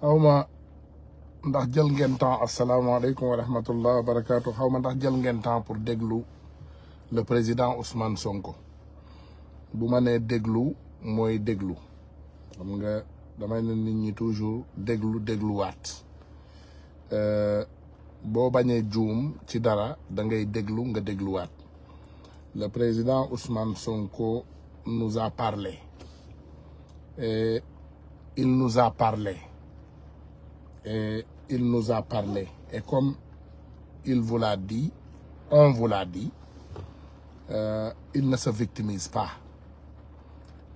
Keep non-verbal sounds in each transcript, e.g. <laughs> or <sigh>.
xawma ndax jël ngeen temps asalaamaaleykum wa rahmatullah wa barakaatu xaw ma ndax jël ngeen temps pour déglu le président Ousmane Sonko bu ma nee déglu mooy déglu xam nga damay ne nit ñi toujours déglu dégluwaat euh, boo bañee juum ci dara da ngay déglu nga dégluwaat le président Ousmane Sonko nous a parlé et il nous a parlé. et il nous a parlé. Et comme il vous l'a dit, on vous l'a dit, euh, il ne se victimise pas.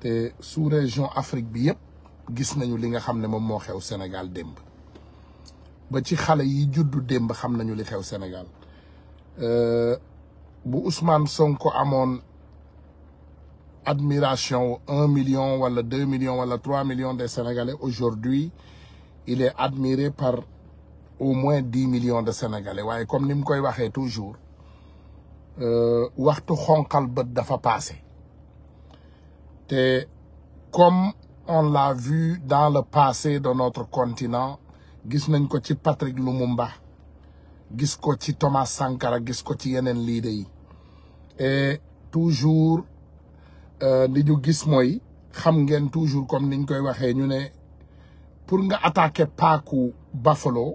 te sous-région Afrique bi yëpp gis nañu li nga xam ne moom moo xew Sénégal démb ba ci xale yi juddu démb xam nañu li xew Sénégal euh, bu Ousmane Sonko amoon admiration un million wala deux million wala trois millions des Sénégalais aujourd'hui il est admiré par au moins dix millions de sénégalais waaye comme ni mu koy waxee toujours euh, waxtu xonqal bët dafa passé te comme on l'a vu dans le passé de notre continent gis nañ ko ci Patrick Lumumba gis ko ci Thomas Sankara gis ko ci yeneen leader yi et toujours euh, li ñu gis mooy xam ngeen toujours comme niñ koy waxee ñu ne pour nga attaquer paaku Buffalo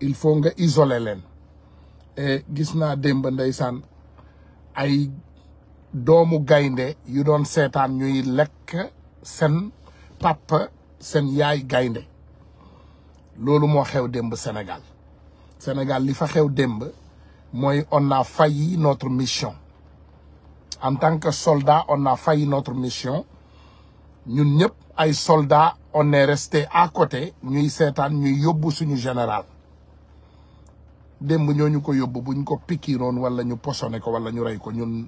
il faut nga isole leen et gis naa démb ndeysaan ay doomu gaynde yu doon seetaan ñuy lekk seen papa seen yaay gaynde loolu moo xew démb Sénégal Sénégal li fa xew démb mooy on a failli notre mission en tant que soldat on a fay notre mission ñun ñëpp ay soldats on est resté à côté ñuy seetaan ñuy yóbbu suñu général démb ñoo ñu ko yóbbu buñ ko pikiiroon wala ñu posone ko wala ñu rey ko ñun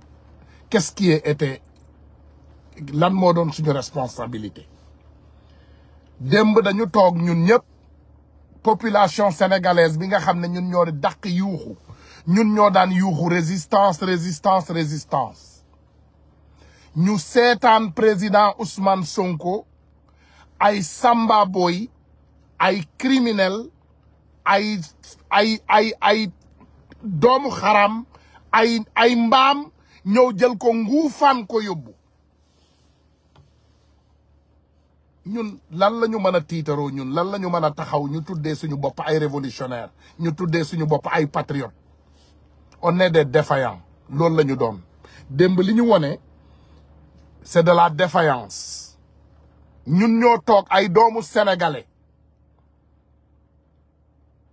qu'est-ce qui était lan moo doon suñu responsabilité démb dañu toog ñun ñëpp population sénégalaise bi nga xam ne ñun ñoo di dàq yuuxu ñun ñoo daan yuuxu résistance résistance résistance ñu seetaan président Ousmane Sonko ay Samba boy ay criminel ay ay ay ay doomu xaram ay ay mbaam ñëw jël ko nguufaan ko yóbbu ñun lan la ñu mën a tiitaroo ñun lan la ñu mën a taxaw ñu tuddee suñu bopp ay révolutionnaire ñu tuddee suñu bopp ay patriote on est des défaillants loolu lañu ñu doon démb li wone c'est de la défaillance ñun ñoo toog ay doomu sénégalais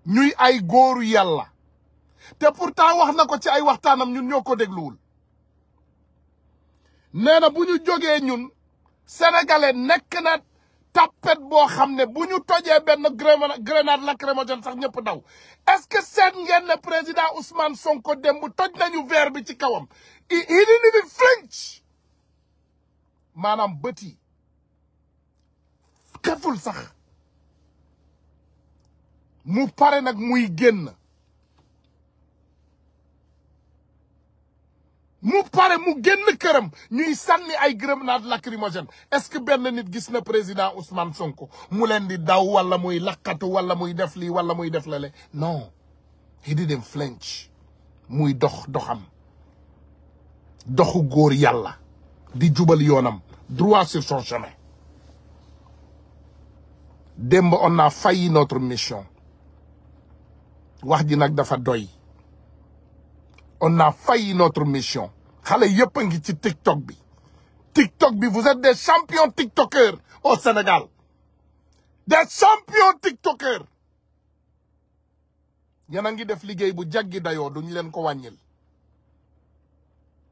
ñuy ay góoru yàlla te pourtant wax na ko ci ay waxtaanam ñun ñoo ko dégluwul nee na bu ñu jógee ñun sénégalais nekk na tapet boo xam ne bu ñu tojee benn grenade lacrymogène sax ñëpp daw est-ce que seet ngeen ne président Ousmane Sonko dem toj nañu verre bi ci kawam he didn't even flinch maanaam bët yi keful sax mu pare nag muy génn mu pare mu génn këram ñuy sànni ay grenade lacrymogène est-ce que benn nit gis na président Ousmane Sonko mu leen di daw walla muy lakkatu wala muy def lii wala muy def lale non he didn't flinch muy dox doxam doxu góor yàlla di jubal yoonam droit sur son chemin démb on naa failli notre mission wax ji nag dafa doy on a failli notre mission xale yëpp a ngi ci TikTok bi TikTok bi vous êtes des champions TikTokers au Sénégal des champions TikTokers yéen a ngi def liggéey bu jaggi dayoo duñu leen ko wàññil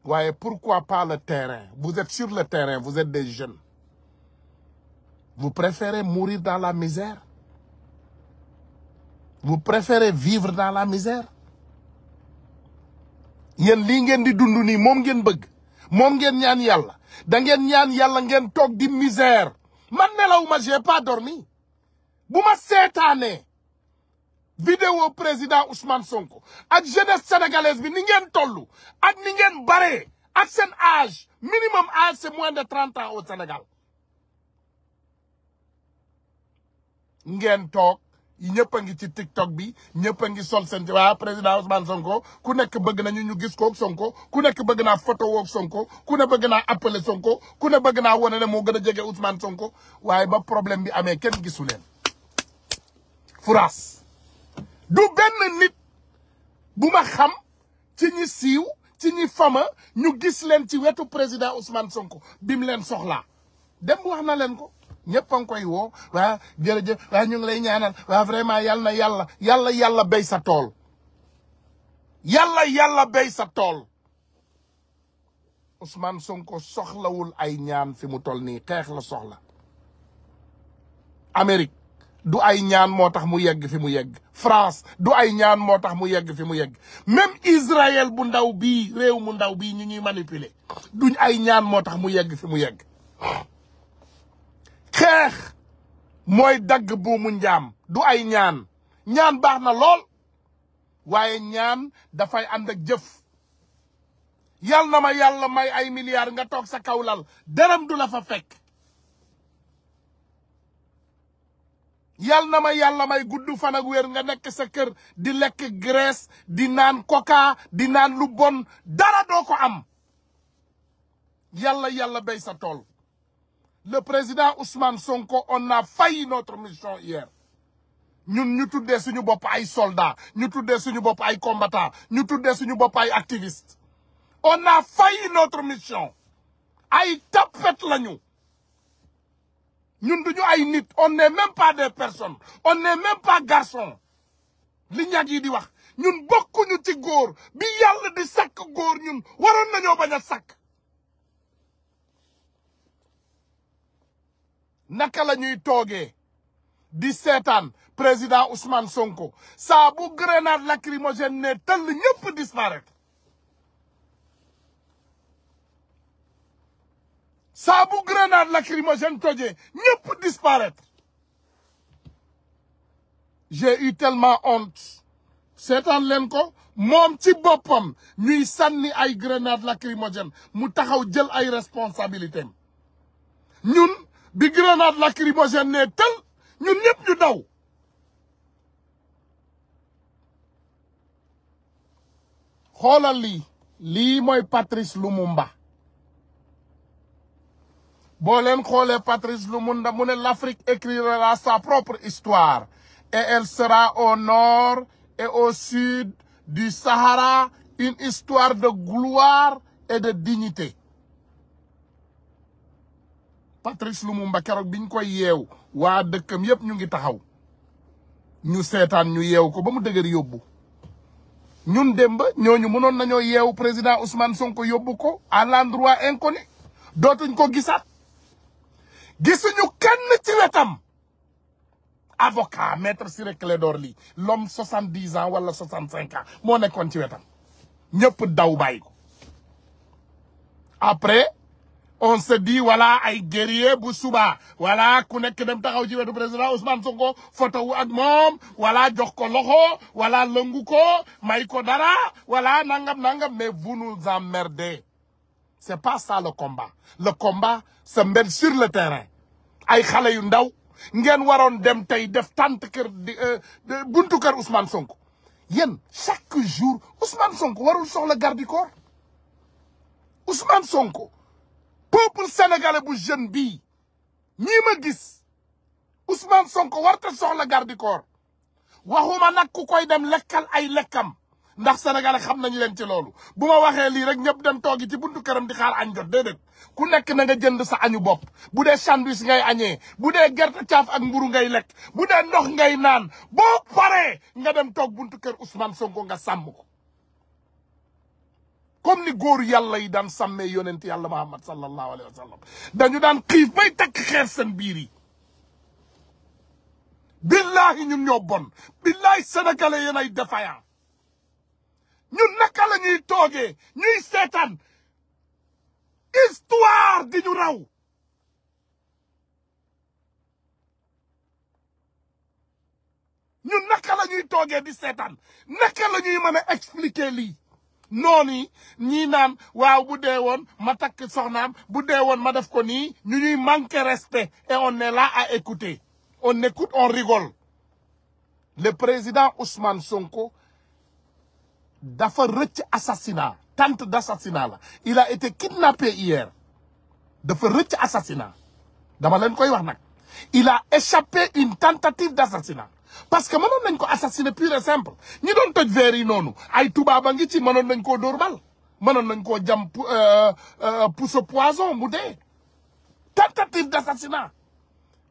waaye pourquoi pas le terrain vous êtes sur le terrain vous êtes des jeunes vous préférez mourir dans la misère vous préférez vivre dans la misère yéen lii ngeen di dund nii moom ngeen bëgg moom ngeen ñaan yàlla da ngeen ñaan yàlla ngeen toog di misère man nelaw ma j'ai pas dormi bu ma seetaanee vidéo président Ousmane Sonko ak jeunesse sénégalaise bi ni ngeen toll ak ni ngeen baree ak sen âge minimum âge c'est moins de trente ans au Sénégal ngeen toog ñëpp a ngi ci TikTok bi ñëpp a ngi sol seen waa président Ousmane Sonko ku nekk bëgg nañu ñu gis koog Sonko ku nekk bëgg naa photo woog Sonko ku ne bëgg naa appeler Sonko ku ne bëgg naa wane ne moo gën a jege Ousmane Sonko waaye ba problème bi amee kenn gisu leen furaas du benn nit bu ma xam ci ñi siiw ci ñi fama ñu gis leen ci wetu président Ousmane Sonko bi mu leen soxlaa dem wax na leen ko ñëpp koy woo waa jërëjëf waa ñu ngi lay ñaanal waa vraiment yal na yàlla yàlla yàlla béy sa tool yàlla yàlla béy sa tool Ousmane Sonko soxlawul ay ñaan fi mu toll nii xeex la soxla Amérique du ay ñaan moo tax mu yegg fi mu yegg France du ay ñaan moo tax mu yegg fi mu yegg même Israël bu ndaw bii réew mu ndaw bii ñu ñuy manipuler duñ ay ñaan moo tax mu yegg fi mu yegg xeex mooy dagg buumu njaam du ay ñaan ñaan baax na lool waaye ñaan dafay ànd ak jëf yal na ma yàlla may ay milliards nga toog sa kaw lal dërëm du la fa fekk yal na ma yàlla may gudd fan ak wér nga nekk sa di lekk graisse di naan koka di naan lu bon dara doo ko am yàlla yàlla béy sa tool le président Ousmane Sonko on a failli notre mission hier ñun ñu tuddee suñu bopp ay solda ñu tuddee suñu bopp ay combattants ñu tuddee suñu bopp ay activistes on a failli notre mission ay tapet lañu ñun duñu ay nit on n'est même pas des personnes on n'est même pas li ñag yi di wax ñun bokkuñu ci góor bi yàlla di sàkk góor ñun waroon nañoo bañ a sàkk naka la ñuy toogee di seetaan président Ousmane Sonko saa bu grenade lacrymogène ne tëll ñëpp disparaître saa bu grenade lacrymogène tojee ñëpp disparaître j'ai eu tellement honte seetaan leen ko moom ci boppam ñuy sànni ay grenade lacrymogène mu taxaw jël ay responsabilités ñun bi grenade lacrymogène ne tël ñun ñëpp ñu daw xoolal lii lii mooy Patrice Lumumba boo leen xoolee Patrice Lumumba mu ne l'Afrique écrira sa propre histoire et elle sera au nord et au sud du Sahara une histoire de gloire et de dignité Patrice Lumumba keroog biñ koy yeew waa dëkkam yépp ñu ngi taxaw ñu seetaan ñu yeew ko ba mu dëgër yóbbu ñun démb ñooñu mënoon nañoo yeew président Ousmane Sonko yóbbu ko à l'endroit inconnu dootuñ ko gisaat gisuñu kenn ci wetam avocat maître Ciré Clédor l'homme soixante dix ans wala soixante cinq ans moo nekkoon ci wetam ñëpp daw bàyyi ko après on se dit voilà ay guerrier bu suba voilà ku nekk dem taxaw ci wetu président Ousmane Sonko photo wu ak moom voilà jox ko loxo voilà lëngu ko may dara voilà nangam nangam mais vous nous emmerdez c'est pas ça le combat le combat se mène sur le terrain ay xale yu ndaw ngeen waroon dem tey def tànt kër di euh, buntu kër Ousmane Sonko yéen chaque jour Ousmane Sonko warul soxla garde corps Ousmane Sonko peuple sénégalais bu jeune bii ñii ma gis Ousmane Sonko warta soxla garde corps waxuma nag ku koy dem lekkal ay lekkam ndax sénégalais xam nañ leen ci loolu bu ma waxee lii rek ñëpp dem toogi ci buntu këram di xaar añ jot déedéet ku nekk na nga jënd sa añu bopp bu dee sandwich ngay añee bu dee gerte caaf ak mburu ngay lekk bu dee ndox ngay naan boo paree nga dem toog buntu kër Ousmane Sonko nga sàmm ko comme ni góor yàlla yi daan sàmmee yonent yàlla Muhammad sallallahu alayhi wa sallam dañu daan xiif bay takk xeer seen biir yi billahi ñu ñoo bon billahi sénégalais yéen ay défaillant ñun naka la ñuy toogee ñuy seetaan histoire di ñu raw ñun naka la ñuy toogee di seetaan naka la ñuy mën a expliquer lii noonu yi ñii naan waaw bu dee woon ma takk soxnaam bu dee woon ma def ko nii ñu ñuy manquer respect et on est là à écouter on écoute on rigole le président Ousmane Sonko dafa rëcc assassinat tente d'assassinat la il a été kidnappé hier dafa rëcc assassinat dama leen koy wax nag il a échappé une tentative d'assassinat parce que mënoon nañ ko assassiner pur et simple ñi doon toj verre yi noonu ay tubaaba ngi ci mënoon nañ koo dóor bal mënoon nañ koo jam euh, euh, pousse poison mu dee tentative d'assassinat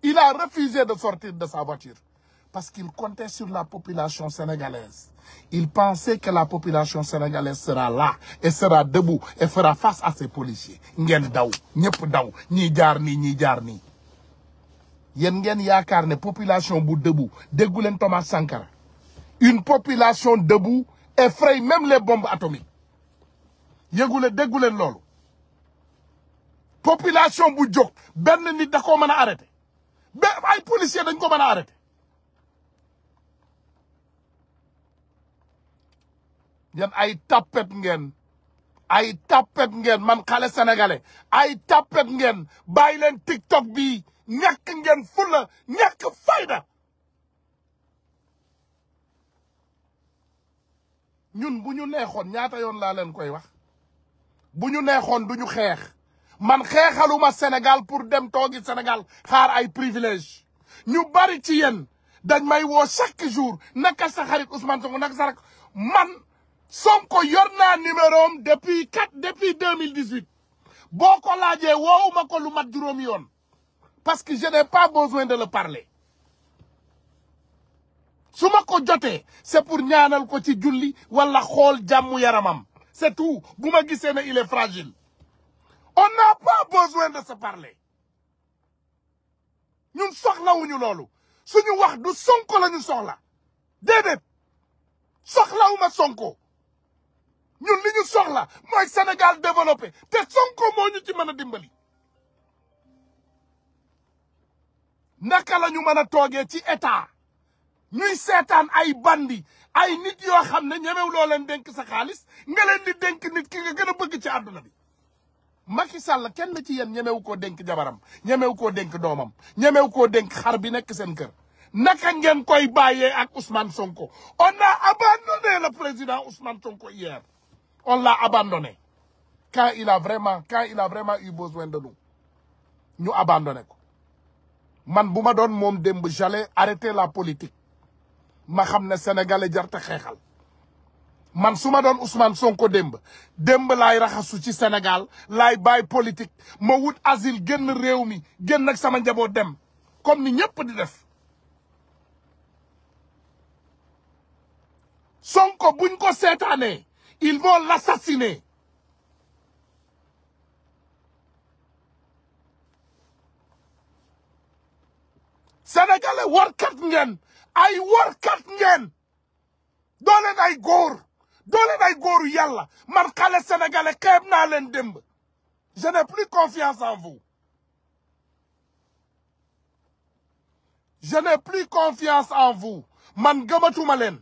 il a refusé de sortir de sa voiture parce qu'il comptait sur la population sénégalaise Il pensait que la population sénégalaise sera la et sera debout et fera face à ces policiers ngeen daw ñëpp daw ñii jaar nii ñii jaar nii yéen ngeen yaakaar ne population bu debout déggu leen Thomas Sankara une population debout effraie même les bombes atomiques yëgu leen déggu leen loolu population bu jóg benn nit da koo mën a arrêté ba ay policiers dañ ko mën a arrêté yéen ay tappet ngeen ay tappet ngeen man xale sénégalais ay tappet ngeen bàyyi leen tiktok bi ñàkk ngeen fulla ñàkk fayda ñun bu ñu neexoon ñaata yoon laa leen koy wax bu ñu neexoon du ñu xeex man xeexaluma Sénégal pour dem toogi Sénégal xaar ay privilège ñu bari ci yen dañ may woo chaque jour naka sa xarit Ousmane Sonko naka sa rak man Sonko yor naa numéro am depuis quatre depuis deux mille dix huit boo ko laajee woowuma ko lu mat juróom yoon parce que je n'ai pas besoin de le parler su ma ko jotee c'est pour ñaanal ko ci julli wala xool jàmmu yaramam c'est tout bu ma gisee ne il est fragile on n'a pas besoin de se parler ñun soxlawuñu loolu suñu wax du Sonko la ñu soxla déedéet soxlawuma Sonko ñun li ñu soxla mooy senegal développé te Sonko moo ñu ci mën a dimbali naka la ñu mën a toogee ci état ñuy seetaan ay bandi ay nit yoo xam ne ñemew loo leen dénk sa xaalis nga leen di dénk nit ki nga gën a bëgg ci àdduna bi Macky Sall kenn ci yéen ñemewu ko denk jabaram ñemewu koo dénk doomam ñemewu koo dénk xar bi nekk seen kër naka ngeen koy bàyyee ak Ousmane Sonko on a abandonné le président Ousmane Sonko hier On l'a abandonné. Quand il a vraiment, quand il a vraiment eu besoin de nous, nous ko Man buma doon mom demb j'allais arrêter la politique. Ma xamné sénégalais jarta xéxal. man su ma doon Ousmane Sonko démb démb laay raxasu ci senegal lay bàyyi politique ma wut asile génn réew mi génn ak sama njaboot dem comme ni ñëpp di def Sonko buñ ko seetaanee Ils vont l'assassiner. sénégalais warkat ngeen ay warkat ngeen doo leen ay góor doo leen ay góoru yàlla man xale sénégalais xeeb naa leen démb je n'ai plus confiance en vou je n'ai plus confiance en vous man gëmatuma leen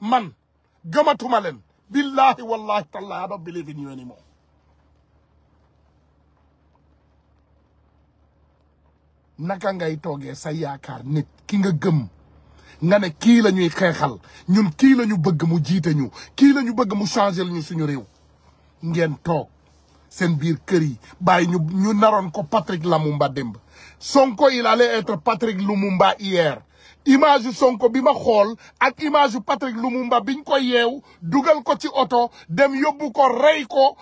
man gëmatuma leen Billahi, wallahi, tallahi, I don't believe in you anymore. naka ngay toogee sa yaakaar nit ki nga gëm nga ne kii la ñuy xeexal ñun kii lañu bëgg mu jiite ñu kii lañu bëgg mu changer ñu suñu réew ngeen toog seen biir kër yi bàyyi ñu ñu naroon ko Patrick Lumumba démb Sonko il allait être Patrick Lumumba hier image yu Sonko bi ma xool ak image yu Patrick Lumumba biñ ko yeew dugal ko ci oto dem yóbbu ko rey ko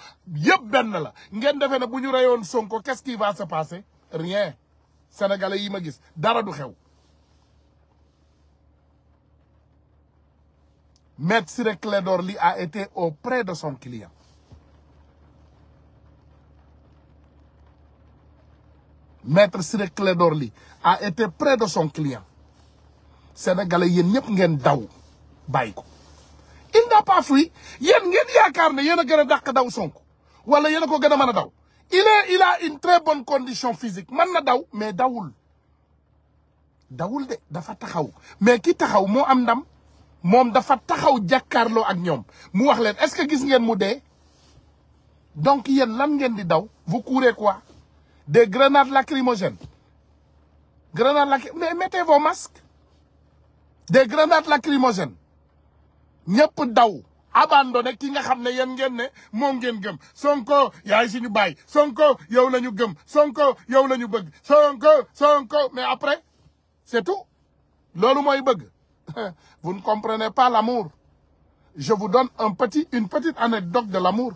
yëpp benn la ngeen defee ne bu ñu reyoon Sonko qu'est-ce qui va se passer rien sénégalais yi ma gis dara du xew Maître Ciré Clédor Ly a été auprès de son client Maître Ciré Clédor Ly a été près de son client sénégalais yéen ñëpp ngeen daw bàyyi ko il n'a pas fui yéen ngeen yaakaar ne yéen a gën a dàq daw Sonko wala yéen a ko gën a mën a daw il est il a une très bonne condition physique man na daw mais dawul dawul de dafa taxaw mais ki taxaw moo am ndam moom dafa taxaw jàkkaarloo ak ñoom mu wax leen est-ce que gis ngeen mu dee donc yéen lan ngeen di daw vous courez quoi des grenades lacrymogènes grenades lacrymogènes mais mettez vos masques des la lacrymogènes ñëpp daw abandonné ki nga xam ne yéen ngeen ne moom ngeen gëm Sonko yaay suñu baay Sonko yow la ñu gëm Sonko yow la ñu bëgg Sonko Sonko mais après c'est tout loolu mooy bëgg <laughs> vous ne comprenez pas l'amour je vous donne un petit une petite anecdote de l'amour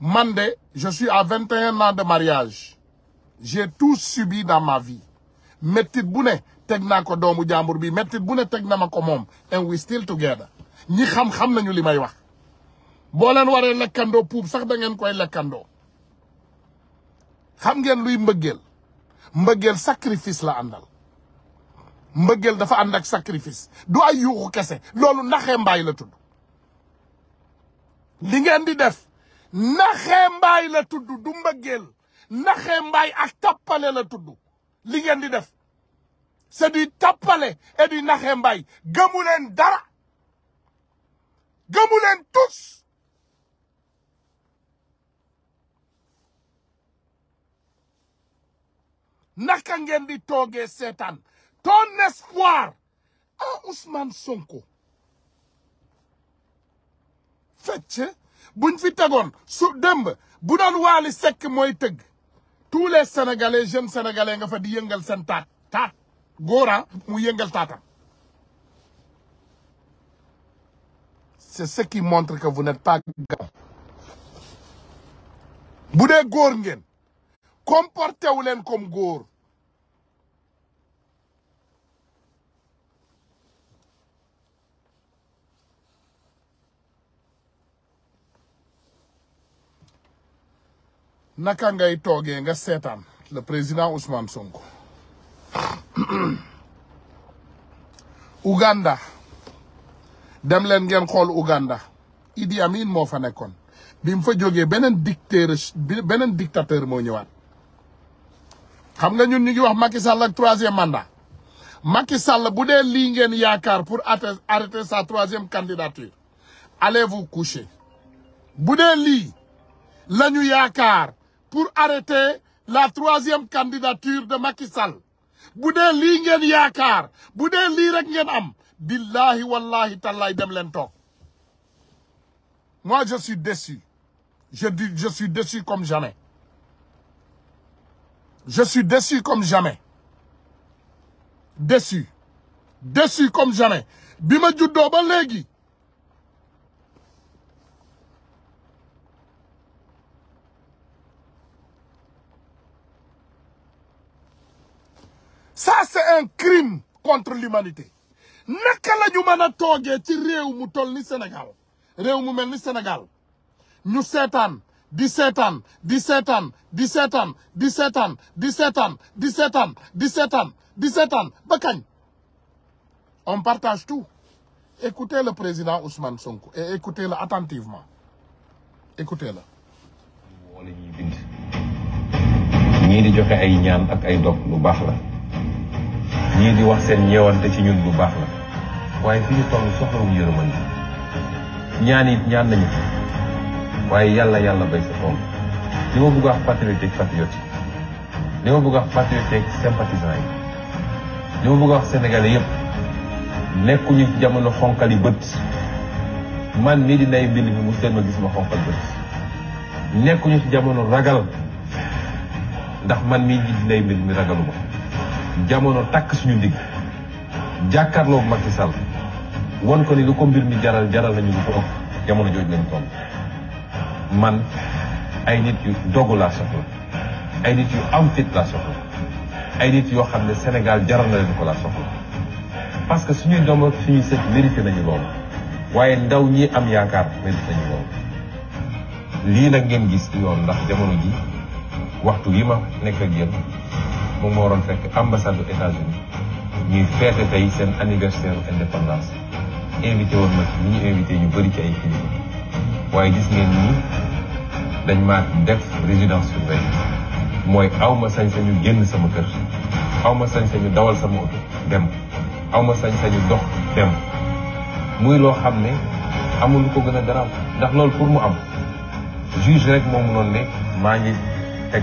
man de je suis à 21 ans de mariage j'ai tout subi dans ma vie métit bu ne teg naa ko doomu jàmbur bi mettit bu ne teg na ma ko moom and we still together ñi xam-xam nañu li may wax boo leen waree lekkandoo puub sax da ngeen koy lekkandoo xam ngeen luy mbëggeel mbëggeel sacrifice la àndal mbëggeel dafa ànd ak sacrifice du ay yuuxu kese loolu naxee mbay la tudd li ngeen di def naxee mbaay la tudd du mbëggeel naxee mbaay ak tappale la tudd li ngeen di def c'est du tappale et du naxe dara gëmu leen tous naka ngeen di toogee seetaan ton espoir à Ousmane Sonko fecc buñ fi tegoon su démb bu doon Wally Seck mooy tëgg tous les sénégalais jeunes sénégalais nga fa di yëngal seen góora mu yëngal taatam c'est ce qui montre que vous n'êtes pas bu dee góor ngeen comporté wu leen comme góor naka ngay toogee nga seetaan le président Ousmane Sonko <clears throat> Uganda dem leen ngeen xool Uganda Idi Amin moo fa nekkoon bi mu fa jógee beneen dictateur beneen dictateur moo ñëwaat xam nga ñun ñu ngi wax Macky Sall ak troisième mandat Macky Sall bu dee lii ngeen yaakaar pour arrêter sa troisième candidature allez vous coucher bu dee lii lañu yaakaar pour arrêter la troisième candidature de Macky Sall bu dee lii ngeen yaakaar bu dee lii rek ngeen am billahi wallahi tallaay dem leen toog moi je suis déçu je dis je suis déçu comme jamais je suis déçu comme jamais déçu déçu comme jamais bi ma juddoo ba léegi ça c'est un crime contre l'humanité naka la ñu mën a toogee ci réew mu toll ni Sénégal réew mu mel ni Sénégal ñu seetaan di seetaan di seetaan di seetaan di seetaan di seetaan di seetaan di seetaan di seetaan ba kañ on partage tout écoutez le président Ousmane Sonko et écoutez-le attentivement écoutez-le wala ñuy bind ñii di joxe ay ñaan ak ay dog lu baax la ñii di wax seen ñeewante ci ñun bu baax la waaye fi ñu toll soxlawuñu yërëmande ñaan it ñaan nañu ko waaye yàlla yàlla ba sa tool li ma bëgg wax patriote ak patriote yi li ma bëgg wax patriote ak sympathisant yi li ma bëgg wax sénégalais yëpp nekkuñu jamono xonkali bët man mii di mbind bi mu seen ma gis ma xonkal bët nekkuñu ci jamono ragal ndax man mii di nay mbind mi ragaluma jamono takk suñu ndigg jàkkaarloog Macky sal won ko ni lu ko mbir mi jaral jaral nañu lu ko ëpp jamono jooju lañ toll man ay nit yu dogu laa soxla ay nit yu am fit laa soxla ay nit yoo xam ne Sénégal jaral na leen ko laa soxla parce que suñuy doom ak suñuy sët mérité loolu waaye ndaw ñi am yaakaar mérité nañu loolu lii nag ngeen gis ci yoon ndax jamono ji waxtu yi ma nekk ak yéen moom moo fekk ambassade bu États-Unis ñuy feete tey seen anniversaire indépendance invité woon ma ni ñu invité ñu bëri ci ay kilifa waaye gis ngeen ni dañ maa def résidence surveillée mooy aw ma sañ-sañu génn sama kër aw ma sañ-sañu dawal sama oto dem aw ma sañ-sañu dox dem muy loo xam ne amul lu ko gën a garaaw ndax loolu pour mu am juge rek moo mënoon ne maa ngi teg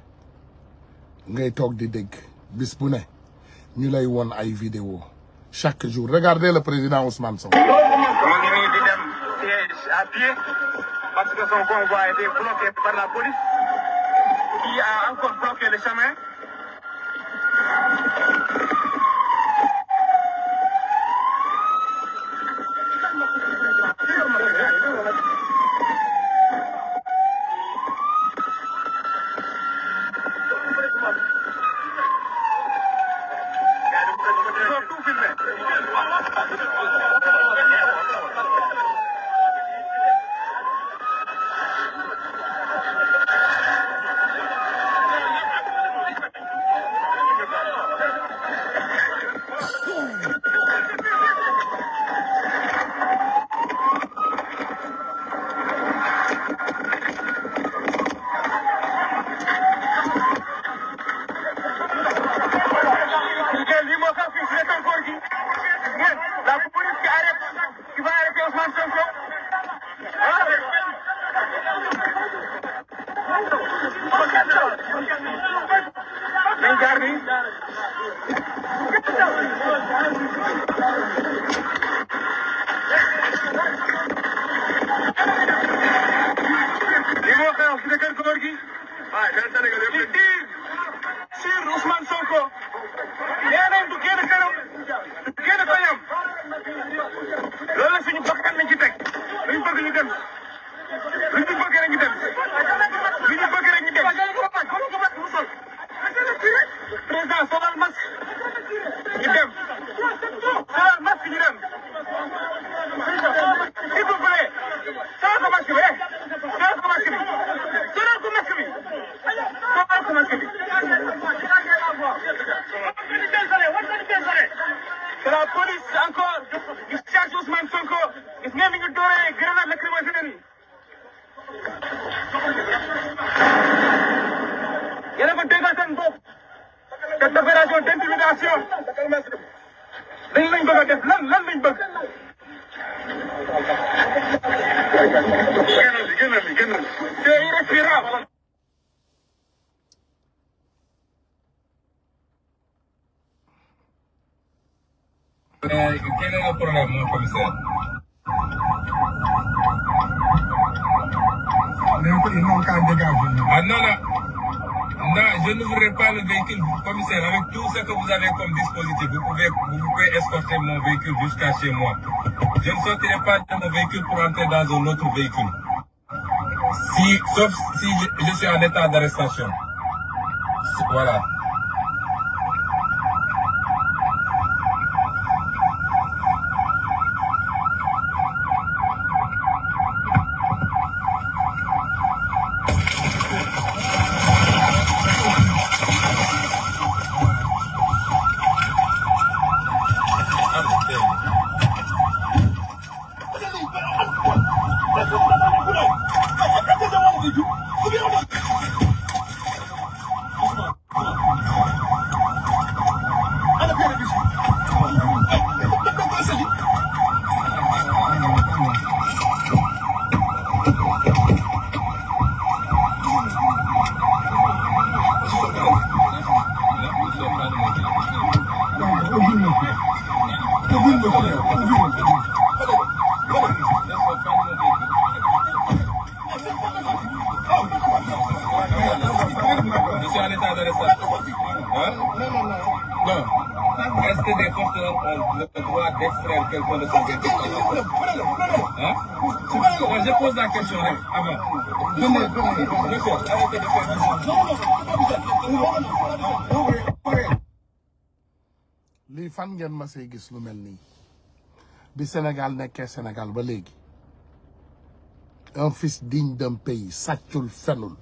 ngay toog di dégg bis bu ne ñu lay won ay vidéo chaque jour regardez le président Ousmane Sonko. parce que son convoi était bloqué par la police qui a encore bloqué le chemin. Get down. Get down. mais quel est le problème mon commissaire. nee ko il faut qu'en dégage. pas le véhicule commissaire avec tout ce que vous avez comme dispositif vous pouvez escorter mon véhicule jusqu'à chez moi. je ne sortirai pas de mon véhicule pour entrer dans un autre véhicule. si je suis en état d'arrestation voilà. Est-ce que des porteurs ont le droit d'extraire quelqu'un de son véhicule Hein Je pose la question avant. Demain, demain, arrêtez de faire du fan ngeen ma see gis lu mel nii bi Sénégal nekkee Sénégal ba léegi un fils di d'un pays sàccul fenul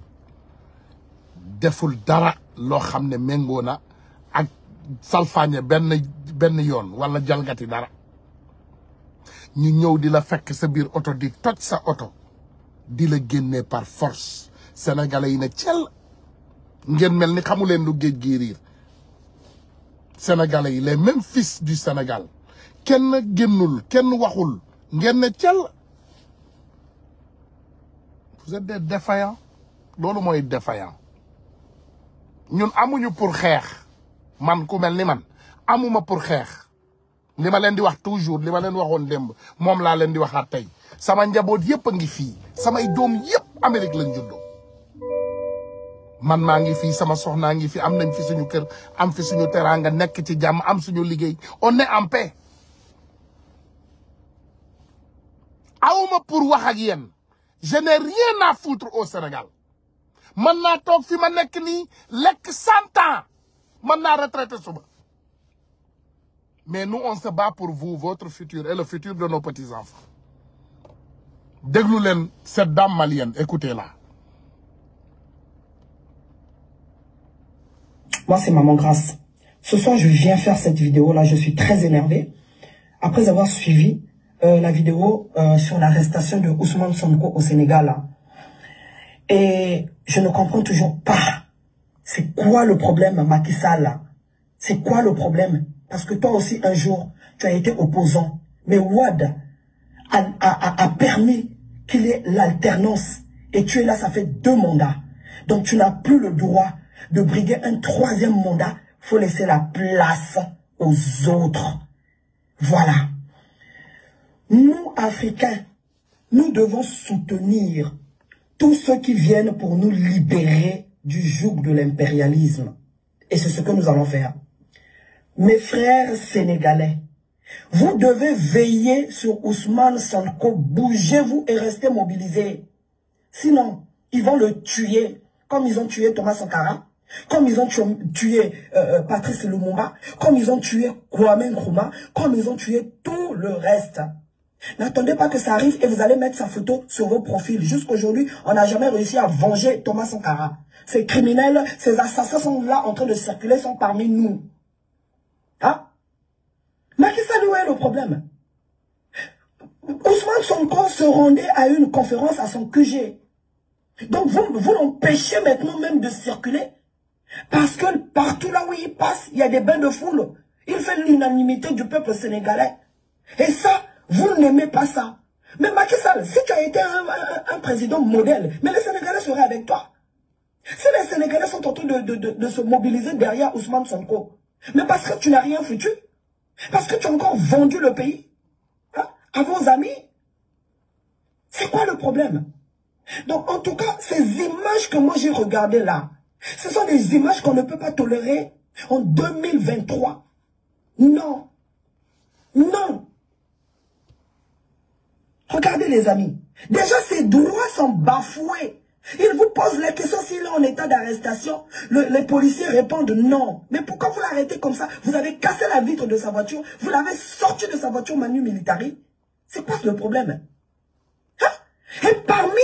deful dara loo xam ne méngoo na ak salfaañe benn benn yoon wala jalgati dara ñu ñëw di la fekk sa biir oto di toj sa oto di la génnee par force sénégalais yi ne cel ngeen mel ni xamu leen lu géej gi riir sénégalais yi les mêmes fils du Sénégal kenn génnul kenn waxul ngeen ne cell vous êtes des défaillants loolu mooy défaillant ñun amuñu pour xeex man ku mel ni man amuma pour xeex li ma leen di wax toujours li ma leen waxoon démb moom laa leen di waxaat tey sama njaboot yëpp a ngi fii samay doom yëpp Amérique lañ juddoo man maa ngi fi sama sox naa ngi fi am nañ fi suñu kër am fi suñu teraanga nekk ci jàmm am suñu liggéey on est en paix awma pour wax ak yéen je n'ai rien à foutre au Sénégal man naa toog fi ma nekk nii lekk cent ans man naa retraité suba mais nu on se bat pour vous votre futur et le futur de nos petits enfants déglu leen cette dame malienne écoutez-la Moi, c'est Maman Grâce. Ce soir, je viens faire cette vidéo-là. Je suis très énervée. Après avoir suivi euh, la vidéo euh, sur l'arrestation de Ousmane Sonko au Sénégal. Là. Et je ne comprends toujours pas. C'est quoi le problème, Macky Sall C'est quoi le problème Parce que toi aussi, un jour, tu as été opposant. Mais Wad a, a, a permis qu'il y ait l'alternance. Et tu es là, ça fait deux mandats. Donc tu n'as plus le droit de briguer un troisième mandat, faut laisser la place aux autres. Voilà. Nous, Africains, nous devons soutenir tous ceux qui viennent pour nous libérer du joug de l'impérialisme. Et c'est ce que nous allons faire. Mes frères sénégalais, vous devez veiller sur Ousmane Sanko. Bougez-vous et restez mobilisés. Sinon, ils vont le tuer comme ils ont tué Thomas Sankara. comme ils ont tué euh, euh, Patrice Lumumba, comme ils ont tué Kwame Nkrumah, comme ils ont tué tout le reste. N'attendez pas que ça arrive et vous allez mettre sa photo sur vos profils. Jusqu'aujourd'hui, on n'a jamais réussi à venger Thomas Sankara. Ces criminels, ces assassins sont là en train de circuler, sont parmi nous. Hein? Ah? Macky Sall, où est le problème Ousmane Sonko se rendait à une conférence à son QG. Donc vous, vous l'empêchez maintenant même de circuler Parce que partout là où il passe, il y a des bains de foule. Il fait l'unanimité du peuple sénégalais. Et ça, vous n'aimez pas ça. Mais Macky Sall, si tu as été un, président modèle, mais les Sénégalais seraient avec toi. Si les Sénégalais sont en train de, de, de, de se mobiliser derrière Ousmane Sonko, mais parce que tu n'as rien foutu, parce que tu as encore vendu le pays hein, à vos amis, c'est quoi le problème Donc en tout cas, ces images que moi j'ai regardées là, Ce sont des images qu'on ne peut pas tolérer en 2023. Non. Non. Regardez les amis. Déjà, ces droits sont bafoués. Ils vous posent la question s'il est en état d'arrestation. les policiers répondent non. Mais pourquoi vous l'arrêtez comme ça Vous avez cassé la vitre de sa voiture. Vous l'avez sorti de sa voiture manu militari. C'est quoi le problème hein? Et parmi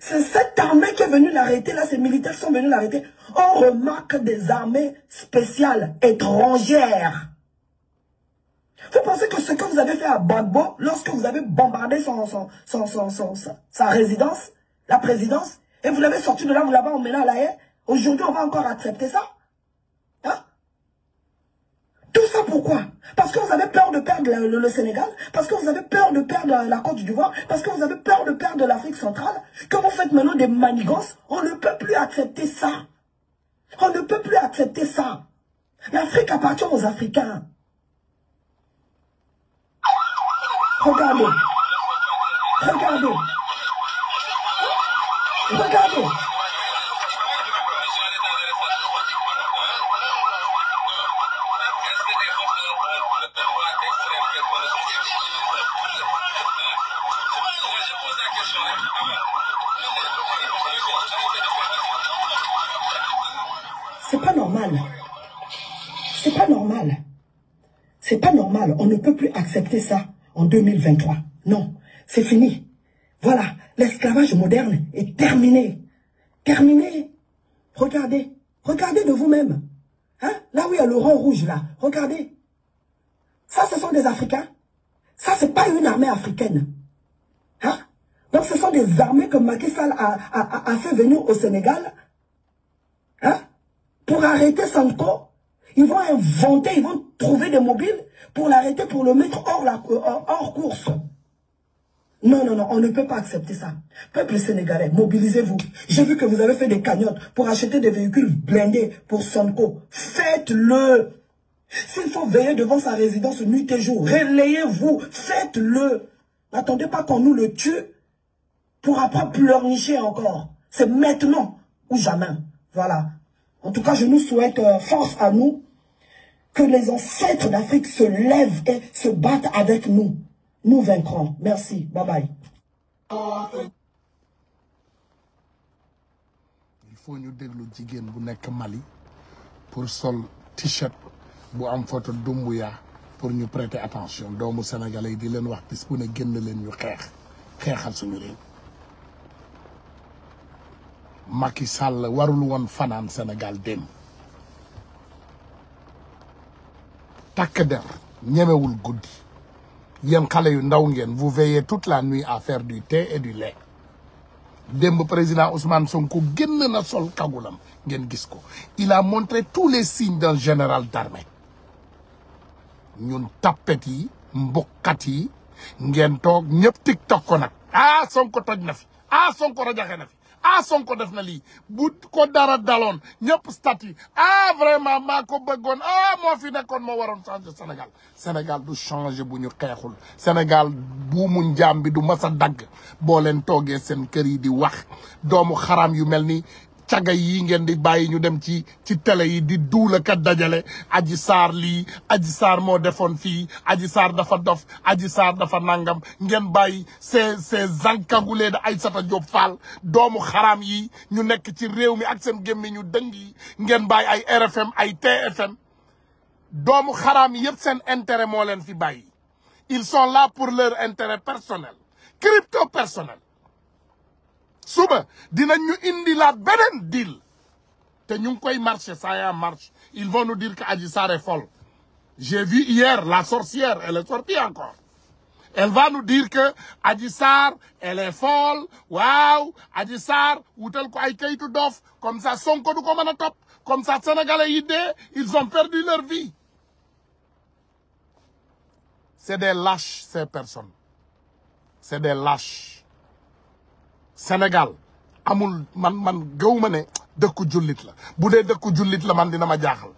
c'est cette armée qui est venue l'arrêter, là, ces militaires sont venus l'arrêter. On remarque des armées spéciales étrangères. Vous pensez que ce que vous avez fait à Bagbo, lorsque vous avez bombardé sa résidence, la présidence, et vous l'avez sorti de là, vous l'avez emmené à la haie, aujourd'hui on va encore accepter ça Tout ça pourquoi Parce que vous avez peur de perdre le, Sénégal, parce que vous avez peur de perdre la Côte d'Ivoire, parce que vous avez peur de perdre l'Afrique centrale, que vous faites maintenant des manigances. On ne peut plus accepter ça. On ne peut plus accepter ça. L'Afrique appartient aux Africains. Regardez. Regardez. C'est pas On ne peut plus accepter ça en Non, c'est fini. Voilà, l'esclavage moderne est terminé. Terminé. Regardez. Regardez de vous-même. Hein? Là où il y a le rang rouge, là. Regardez. Ça, ce sont des Africains. Ça, c'est pas une armée africaine. Hein? Donc, ce sont des armées que Macky Sall a, a, a au Sénégal. Hein? Pour arrêter Sanko Ils vont inventer, ils vont trouver des mobiles pour l'arrêter, pour le mettre euh, hors, course. Non, non, non, on ne peut pas accepter ça. Peuple sénégalais, mobilisez-vous. J'ai vu que vous avez fait des cagnottes pour acheter des véhicules blindés pour Sonko. Faites-le. S'il faut veiller devant sa résidence nuit jour, relayez-vous, faites-le. N'attendez pas qu'on nous le tue pour après pleurnicher encore. C'est maintenant ou jamais. Voilà. En tout cas, je nous souhaite euh, force à nous que les ancêtres d'Afrique se lèvent et se battent avec nous. Nous vaincrons. Merci. Bye Il faut ñu déglu jigéen bu nekk Mali pour sol t-shirt bu am photo Doumbouya pour ñu prêter attention doomu sénégalais yi di leen wax bis bu ne génn leen ñu xeex xeexal suñu réew. Macky Sall warul woon fanaan Sénégal démb takk der ñemewul guddi yéen xale yu ndaw ngeen vous veillez toute la nuit à faire du te et du lait démb président Ousmane Sonko génn na sol kagulam ngeen gis ko il a montre tous les signes d'un général d'armée ñun tappet yi mbuqat yi ngeen toog ñëpp tiktok ko nag ah Sonko toj na fi ah Sonko rajaxe na fi ah Sonko def na lii bu ko dara daloon ñëpp statut ah vraiment maa ko bëggoon ah moo fi nekkoon moo waroon changer senegal Sénégal du changer bu ñu xeexul Sénégal bu mu bi du mas a dagg boo leen toogee seen kër yi di wax doomu xaram yu mel nii caga yi ngeen di bàyyi ñu dem ci ci télé yi di duulakat dajale aji saar lii aji saar moo defoon fii aji saar dafa dof aji saar dafa nangam ngeen bàyyi ces ces encagoulés de Aïssata Diop Fall doomu xaraam yi ñu nekk ci réew mi ak seen gémmi ñu dëng yi ngeen bàyyi ay RFM ay TFM doomu xaraam yëpp seen intérêt moo leen fi bàyyi ils sont là pour leur intérêt personnel crypto personnel suba dinañ ñu indi laat beneen deal te ñu ngi koy marché ça y marche ils vonnu nous dire que Adji Sarr est folle j'ai vu hier la sorcière elle est sortie encore elle va nu dire que Adji Sarr elle est folle waaw Adji Sarr wutal ko ay kayitu doof comme ça son du ko mën a topp comme ça sénégalais yi dee ils ont perdu leur vie c'est des lâches ces personnes c'est des lâches Sénégal amul man man gëw ne dëkku jullit la bu dee dëkku jullit la man dina ma jaaxal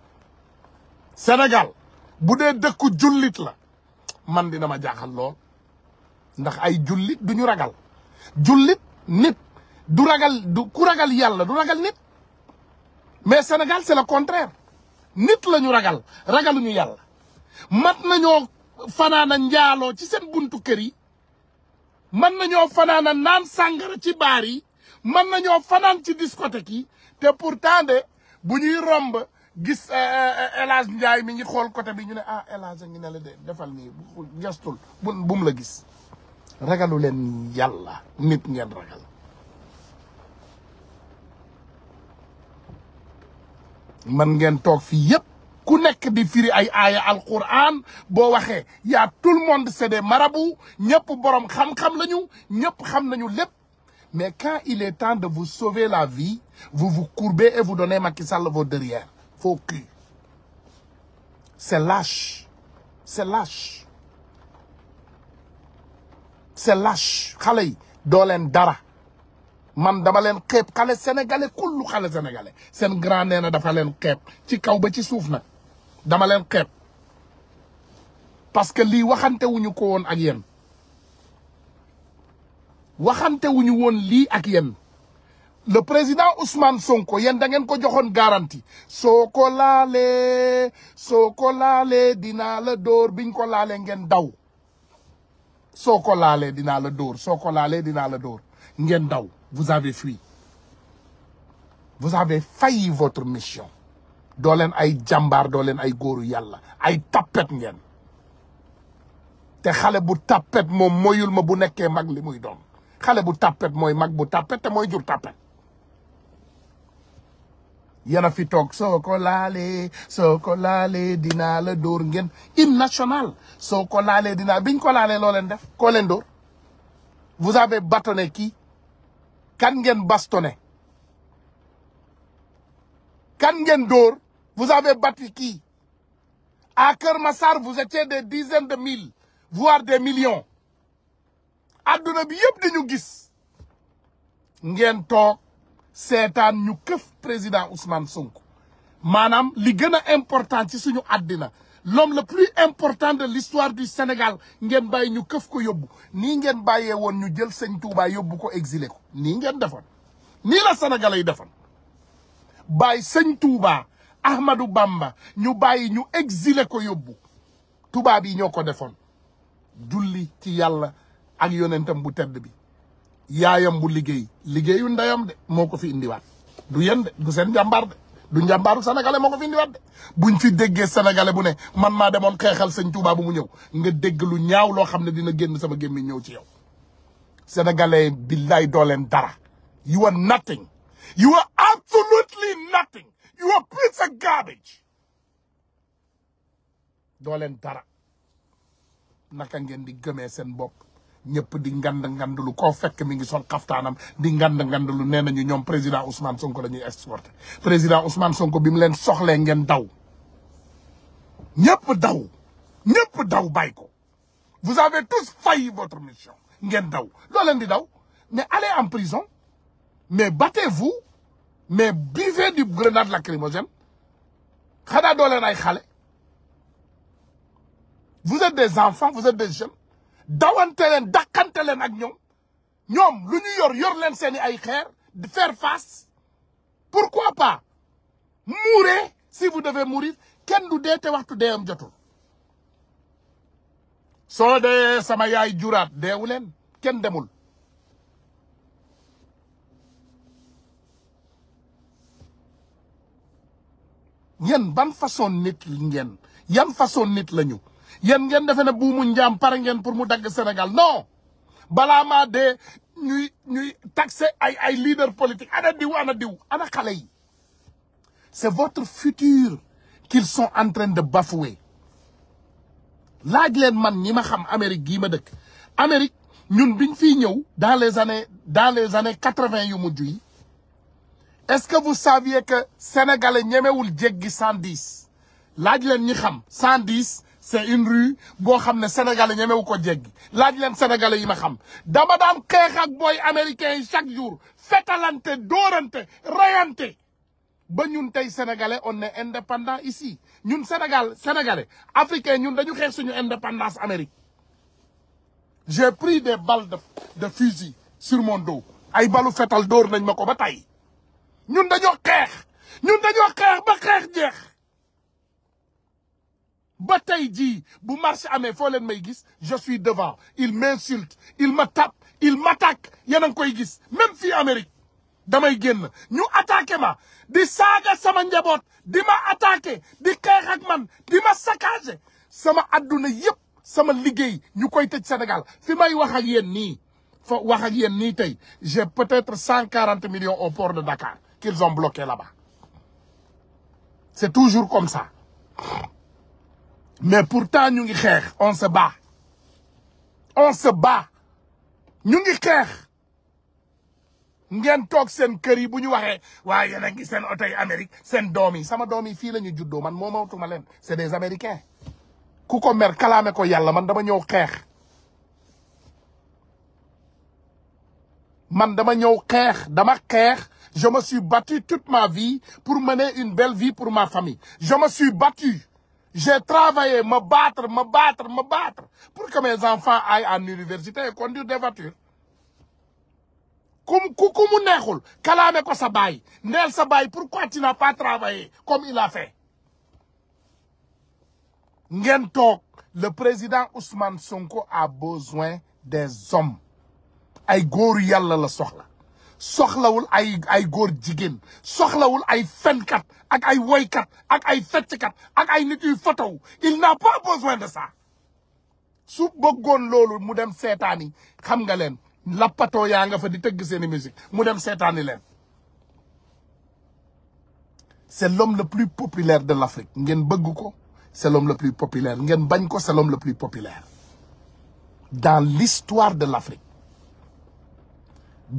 Sénégal bu dee dëkku jullit la man dina ma jaaxal lool ndax ay julit du ñu ragal julit nit du ragal du ku ragal yàlla du ragal nit mais Sénégal c'est le contraire nit la ñu ragal ragal ragaluñu yàlla mat nañoo fanaana njaaloo ci seen buntu kër yi mën nañoo fanaan a naan sàngara ci baar yi mën nañoo fanaan ci discothèque yi te pourtant de bu ñuy romb gis euh, euh, El Hadj Ndiaye mi ngi xool côté bi ñu ne ah El Hadj ngi ne la de defal nii bu gestul bu bu mu la gis ragalu leen yàlla nit ngeen ragal man ngeen toog fii yépp ku nekk di firi ay aaya alquran boo waxee yaa tout le monde c'est des marabouts ñëpp borom xam-xam lañu ñëpp xam nañu lépp mais quand il est temps de vous sauver la vie vous vous courbez et vous donnez Macky Sall vos derrière vos culs c'est lâche c'est lâche c'est lâche xale yi doo leen dara man dama leen xeeb xale sénégalais kullu xale sénégalais seen grand nee na dafa leen xeeb ci kaw ba ci suuf na damaleen leen parce que lii waxante wuñu ko woon ak yéen waxante wuñu woon lii ak yéen le président Ousmane Sonko yéen da ngeen ko joxoon garantie soo ko laalee soo ko laalee dinaa la dóor biñ ko laalee ngeen daw soo ko laalee dinaa la dóor soo ko laalee dinaa la door ngeen daw vous avez fui vous avez failli votre mission doo leen ay jàmbaar doo leen ay góoru yàlla ay tappet ngeen te xale bu tappet moom moyul ma bu nekkee mag li muy doom xale bu tappet mooy mag bu tappet te mooy jur tappet yan a fi toog soo ko laalee soo ko laalee dinaa la dóor ngeen hymne national soo ko laalee dinaa biñ ko laalee loo leen def koo leen dóor vous avez bâtonné kii kan ngeen bastonné kan ngeen dóor Vous avez battu qui À Kermassar, vous étiez des dizaines de mille, voire des millions. adduna bi yëpp dañu gis ngeen toog seetaan ñu këf président Ousmane Sonko maanaam li gën a important ci suñu addina l'homme le plus important de l'histoire du Sénégal ngeen bàyyi ñu këf ko yóbbu nii ngeen bàyyee woon ñu jël sëñ Touba yóbbu ko exilé ko nii ngeen defoon nii la Sénégalais yi defoon bàyyi sëñ Touba Ahmadou Bamba ñu bàyyi ñu exilé ko yóbbu tubaab yi ñoo ko defoon julli ci yàlla ak yonentam bu tedd bi yaayam bu liggéey liggéeyu ndeyam de moo ko fi indiwaat du yen de du seen njàmbaar de du njàmbaaru sénégalais moo ko fi indiwaat de buñ fi déggee sénégalais bu ne man maa demoon xeexal sëñ Tuubaa bu mu ñëw nga dégg lu ñaaw loo xam ne dina génn sama gémmiñ ñëw ci yow sénégalais billaay doo dara you are nothing you are absolutely nothing You're a piece leen dara naka ngeen di gëmee seen bopp ñëpp di ngand ngand lu ko fekk mi ngi sol xaftaanam di ngand ngand lu nee ñu ñoom président Ousmane Sonko la ñuy exporté président Ousmane Sonko bi mu leen soxlee ngeen daw ñëpp daw ñëpp daw bàyyi ko vous avez tous failli votre mission ngeen daw loo leen di daw mais allez en prison mais battez-vous mais buvez du grenade lacrymogène xanaa doo ay xale vous êtes des enfants vous êtes des jeunes dawante leen dàqante ak ñoom ñoom lu ñu yor yor leen seeni ay xeer de faire face pourquoi pas mourir si vous devez mourir kenn du dee te waxtu deeyam jotul soo dee sama yaay juraat deewu leen kenn demul yéen ban façon nit ngeen yan façon nit lañu yéen ngeen defe ne buumu njaam pare ngeen pour mu dagg Sénégal non balaa maa dee ñuy ñuy taxé ay ay leader politique ana diw ana diw ana xale yi c'est votre futur qu'ils sont en train de bafouer laaj leen man ñi ma xam Amérique gii ma dëkk Amérique ñun biñ fii ñëw dans les années dans les années quatre-vingt yu mujj yi est-ce que vous saviez que sénégalais ñemewul jéggi cent dix laaj leen ñi xam cent dix c'est une rue boo xam ne sénégalais ñemewu ko jéggi laaj leen sénégalais yi ma xam dama daan xeex ak booy américains yi chaque jour fetalante dóorante rayante ba ñun tey sénégalais on est indépendant ici ñun Sénégal sénégalais africain ñun dañu xeex suñu indépendance Amérique j'ai pris de balles de de fusil sur mon dos ay balu fetal dóor nañ ma ko ba tey ñun dañoo xeex ñun dañoo xeex ba xeex jeex ba tey ji bu marché amee foo leen may gis je suis devant il m'insulte il me tape il m'attaque yéen a ngi koy gis même fii Amérique damay génn ñu attaqué ma di saaga sama njaboot di ma attaqué di xeex ak man di ma saccagé sama adduna yëpp sama liggéey ñu koy tëj Sénégal fi may wax ak yéen nii fa wax ak yéen nii tey j'ai peut-être cent quarante millions au port de Dakar qu'ils ont bloqué là-bas. C'est toujours comme ça. Mais pourtant, xeex on se bat. On se ngi Nous ngeen toog seen kër yi bu ñu waxee waaye yéen ngi seen oto yi Amérique seen doom yi sama doom yi fii la ñu juddoo man moo mawtuma leen c'est des Américains ku ko mer kalaame ko yàlla man dama ñëw xeex man dama ñëw xeex dama xeex Je me suis battu toute ma vie pour mener une belle vie pour ma famille. Je me suis battu. J'ai travaillé, me battre, me battre, pour que mes enfants aillent en université et conduire des voitures. Comme Koukoumou Nekhul, Kalame Kosabaï, Nel Sabaï, pourquoi tu n'as pas travaillé comme il a fait Ngentok, le président Ousmane Sonko a besoin des hommes. Aïgour Yalla le sohla. soxlawul ay ay góor jigéen soxlawul ay fenkat ak ay woykat ak ay fecckat ak ay nit yuy fotow il n'a pas besoin de ça su bëggoon loolu mu dem seetaani xam nga leen lappatoo yaa nga fa di tëgg seeni musique mu dem seetaani leen c'est l'homme le plus populaire de l'Afrique ngeen bëgg ko c'est l'homme le plus populaire ngeen bañ ko c'est l'homme le plus populaire dans l'histoire de l'Afrique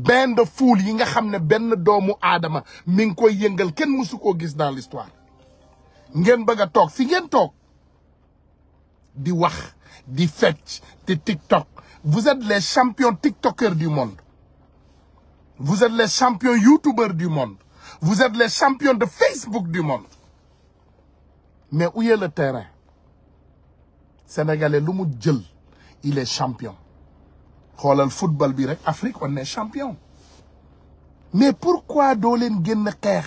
benn de foule yi nga xam ne benn doomu aadama mi ngi koy yëngal kenn mësu koo gis dans l'histoire ngeen bëgg a toog fi ngeen toog di wax di fecc di TikTok vous êtes les champions tiktokers du monde vous êtes les champions youtubeurs du monde vous êtes les champions de Facebook du monde mais où est le terrain sénégalais lu mu jël il est champion xoolal football bi rek Afrique on ne champion mais pourquoi doo leen génn xeex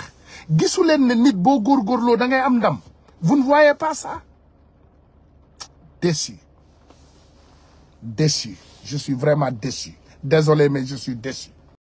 gisu leen ne nit boo góorgóorloo da ngay am ndam vous ne voyez pas ça déçu déçu je suis vraiment déçu désolé mais je suis déçu